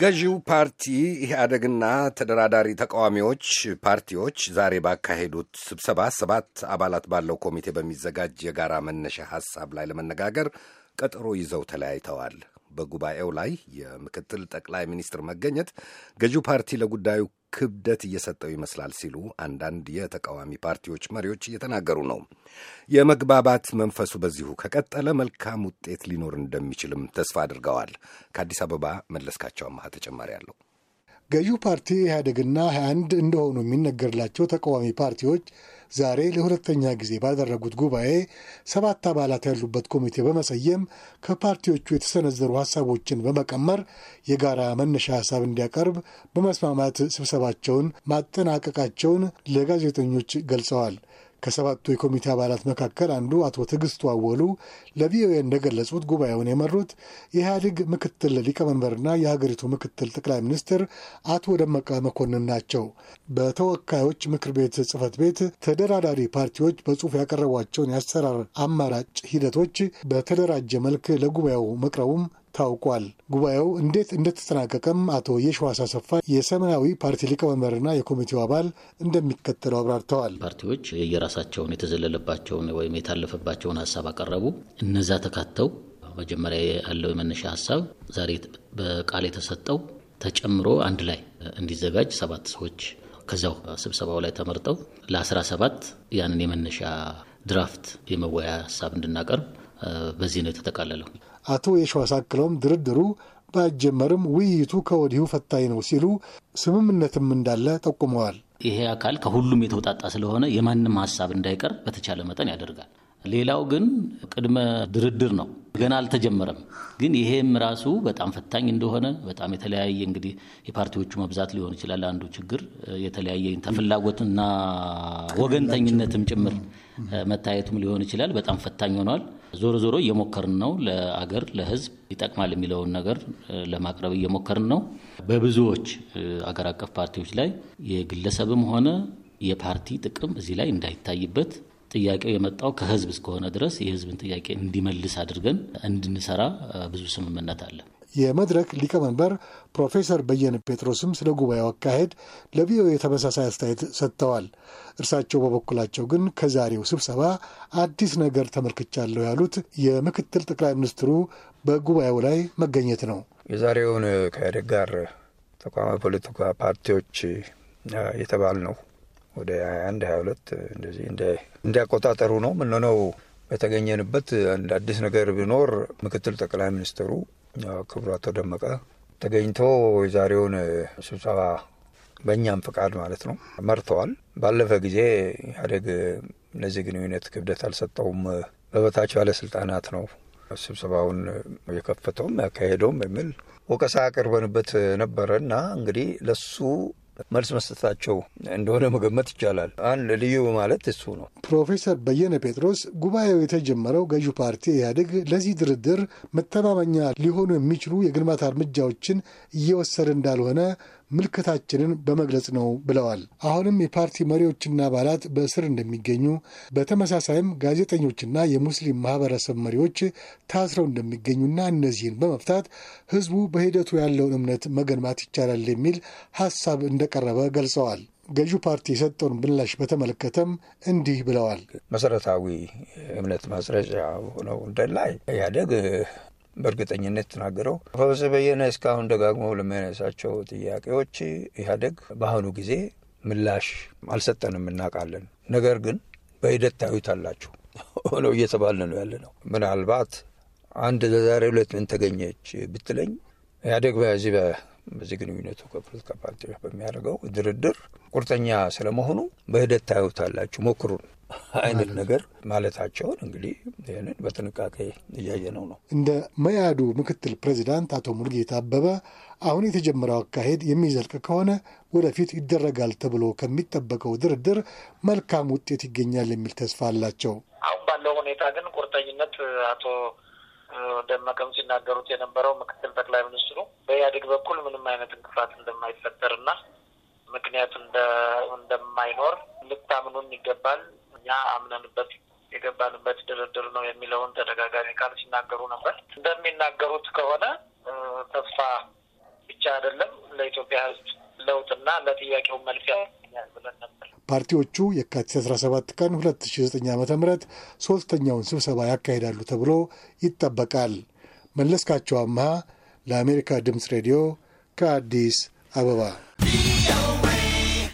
ገዢው ፓርቲ ኢህአደግና ተደራዳሪ ተቃዋሚዎች ፓርቲዎች ዛሬ ባካሄዱት ስብሰባ ሰባት አባላት ባለው ኮሚቴ በሚዘጋጅ የጋራ መነሻ ሐሳብ ላይ ለመነጋገር ቀጠሮ ይዘው ተለያይተዋል። በጉባኤው ላይ የምክትል ጠቅላይ ሚኒስትር መገኘት ገዢው ፓርቲ ለጉዳዩ ክብደት እየሰጠው ይመስላል ሲሉ አንዳንድ የተቃዋሚ ፓርቲዎች መሪዎች እየተናገሩ ነው። የመግባባት መንፈሱ በዚሁ ከቀጠለ መልካም ውጤት ሊኖር እንደሚችልም ተስፋ አድርገዋል። ከአዲስ አበባ መለስካቸው አማሃ ተጨማሪ አለው። ገዢው ፓርቲ ኢህአዴግና አንድ እንደሆኑ የሚነገርላቸው ተቃዋሚ ፓርቲዎች ዛሬ ለሁለተኛ ጊዜ ባደረጉት ጉባኤ ሰባት አባላት ያሉበት ኮሚቴ በመሰየም ከፓርቲዎቹ የተሰነዘሩ ሀሳቦችን በመቀመር የጋራ መነሻ ሀሳብ እንዲያቀርብ በመስማማት ስብሰባቸውን ማጠናቀቃቸውን ለጋዜጠኞች ገልጸዋል። ከሰባቱ የኮሚቴ አባላት መካከል አንዱ አቶ ትዕግስቱ አወሉ ለቪኦኤ እንደገለጹት ጉባኤውን የመሩት የኢህአዴግ ምክትል ሊቀመንበርና የሀገሪቱ ምክትል ጠቅላይ ሚኒስትር አቶ ደመቀ መኮንን ናቸው። በተወካዮች ምክር ቤት ጽህፈት ቤት ተደራዳሪ ፓርቲዎች በጽሁፍ ያቀረቧቸውን የአሰራር አማራጭ ሂደቶች በተደራጀ መልክ ለጉባኤው መቅረቡም ታውቋል። ጉባኤው እንዴት እንደተጠናቀቀም አቶ የሸዋስ አሰፋ የሰማያዊ ፓርቲ ሊቀመንበርና የኮሚቴው አባል እንደሚከተለው አብራርተዋል። ፓርቲዎች የራሳቸውን የተዘለለባቸውን ወይም የታለፈባቸውን ሀሳብ አቀረቡ። እነዛ ተካተው መጀመሪያ ያለው የመነሻ ሀሳብ ዛሬ በቃል የተሰጠው ተጨምሮ አንድ ላይ እንዲዘጋጅ ሰባት ሰዎች ከዚያው ስብሰባው ላይ ተመርጠው ለ17 ያንን የመነሻ ድራፍት የመወያ ሀሳብ እንድናቀርብ በዚህ ነው የተጠቃለለው። አቶ የሸዋስ አክለውም ድርድሩ ባይጀመርም ውይይቱ ከወዲሁ ፈታኝ ነው ሲሉ ስምምነትም እንዳለ ጠቁመዋል። ይሄ አካል ከሁሉም የተውጣጣ ስለሆነ የማንም ሀሳብ እንዳይቀር በተቻለ መጠን ያደርጋል። ሌላው ግን ቅድመ ድርድር ነው፣ ገና አልተጀመረም። ግን ይሄም ራሱ በጣም ፈታኝ እንደሆነ በጣም የተለያየ እንግዲህ የፓርቲዎቹ መብዛት ሊሆን ይችላል አንዱ ችግር፣ የተለያየ ፍላጎትና ወገንተኝነትም ጭምር መታየቱም ሊሆን ይችላል። በጣም ፈታኝ ሆኗል። ዞሮ ዞሮ እየሞከርን ነው። ለአገር ለህዝብ ይጠቅማል የሚለውን ነገር ለማቅረብ እየሞከርን ነው። በብዙዎች አገር አቀፍ ፓርቲዎች ላይ የግለሰብም ሆነ የፓርቲ ጥቅም እዚህ ላይ እንዳይታይበት ጥያቄው የመጣው ከህዝብ እስከሆነ ድረስ የህዝብን ጥያቄ እንዲመልስ አድርገን እንድንሰራ ብዙ ስምምነት አለ። የመድረክ ሊቀመንበር ፕሮፌሰር በየነ ጴጥሮስም ስለ ጉባኤው አካሄድ ለቪኦኤ ተመሳሳይ አስተያየት ሰጥተዋል። እርሳቸው በበኩላቸው ግን ከዛሬው ስብሰባ አዲስ ነገር ተመልክቻለሁ ያሉት የምክትል ጠቅላይ ሚኒስትሩ በጉባኤው ላይ መገኘት ነው። የዛሬውን ከኢህአዴግ ጋር ተቋማዊ ፖለቲካ ፓርቲዎች የተባል ነው ወደ 21 22 እንደዚህ እንደ ነው ምንሆነው በተገኘንበት አንድ አዲስ ነገር ቢኖር ምክትል ጠቅላይ ሚኒስትሩ ክቡር አቶ ደመቀ ተገኝቶ የዛሬውን ስብሰባ በእኛም ፍቃድ ማለት ነው መርተዋል። ባለፈ ጊዜ ኢህአዴግ እነዚህ ግንኙነት ክብደት አልሰጠውም፣ በበታች ባለስልጣናት ነው ስብሰባውን የከፈተውም ያካሄደውም የሚል ወቀሳ አቅርበንበት ነበረ እና እንግዲህ ለሱ መልስ መስጠታቸው እንደሆነ መገመት ይቻላል። አንድ ልዩ ማለት እሱ ነው። ፕሮፌሰር በየነ ጴጥሮስ ጉባኤው የተጀመረው ገዢው ፓርቲ ኢህአዴግ ለዚህ ድርድር መተማመኛ ሊሆኑ የሚችሉ የግንባታ እርምጃዎችን እየወሰደ እንዳልሆነ ምልክታችንን በመግለጽ ነው ብለዋል። አሁንም የፓርቲ መሪዎችና አባላት በእስር እንደሚገኙ በተመሳሳይም ጋዜጠኞችና የሙስሊም ማህበረሰብ መሪዎች ታስረው እንደሚገኙና እነዚህን በመፍታት ህዝቡ በሂደቱ ያለውን እምነት መገንባት ይቻላል የሚል ሀሳብ እንደቀረበ ገልጸዋል። ገዢው ፓርቲ የሰጠውን ምላሽ በተመለከተም እንዲህ ብለዋል። መሰረታዊ እምነት ማስረጫ ሆነው እንደላይ ላይ በእርግጠኝነት ተናገረው። ፕሮፌሰር በየነ እስካሁን ደጋግሞ ለሚያነሳቸው ጥያቄዎች ኢህአዴግ በአሁኑ ጊዜ ምላሽ አልሰጠንም፣ እናውቃለን። ነገር ግን በሂደት ታዩት አላችሁ ሆኖ እየተባለ ነው ያለ ነው። ምናልባት አንድ ለዛሬ ሁለት ምን ተገኘች ብትለኝ ኢህአዴግ በዚህ በዚህ ግንኙነቱ ከፖለቲካ ፓርቲዎች በሚያደርገው ድርድር ቁርጠኛ ስለመሆኑ በሂደት ታዩት አላችሁ ሞክሩን አይነት ነገር ማለታቸውን እንግዲህ ይህንን በጥንቃቄ እያየነው ነው። እንደ መያዱ ምክትል ፕሬዚዳንት አቶ ሙሉጌታ አበበ አሁን የተጀመረው አካሄድ የሚዘልቅ ከሆነ ወደፊት ይደረጋል ተብሎ ከሚጠበቀው ድርድር መልካም ውጤት ይገኛል የሚል ተስፋ አላቸው። አሁን ባለው ሁኔታ ግን ቁርጠኝነት አቶ ደመቀም ሲናገሩት የነበረው ምክትል ጠቅላይ ሚኒስትሩ በኢህአዴግ በኩል ምንም አይነት እንቅፋት እንደማይፈጠርና ምክንያቱ እንደማይኖር ልታምኑን ይገባል እኛ አምነንበት የገባንበት ድርድር ነው የሚለውን ተደጋጋሚ ቃል ሲናገሩ ነበር። እንደሚናገሩት ከሆነ ተስፋ ብቻ አይደለም ለኢትዮጵያ ሕዝብ ለውጥና ለጥያቄው መልስ ያገኛል ብለን ነበር። ፓርቲዎቹ የካቲት 17 ቀን 2009 ዓ ም ሶስተኛውን ስብሰባ ያካሂዳሉ ተብሎ ይጠበቃል። መለስካቸው አምሃ ለአሜሪካ ድምፅ ሬዲዮ ከአዲስ አበባ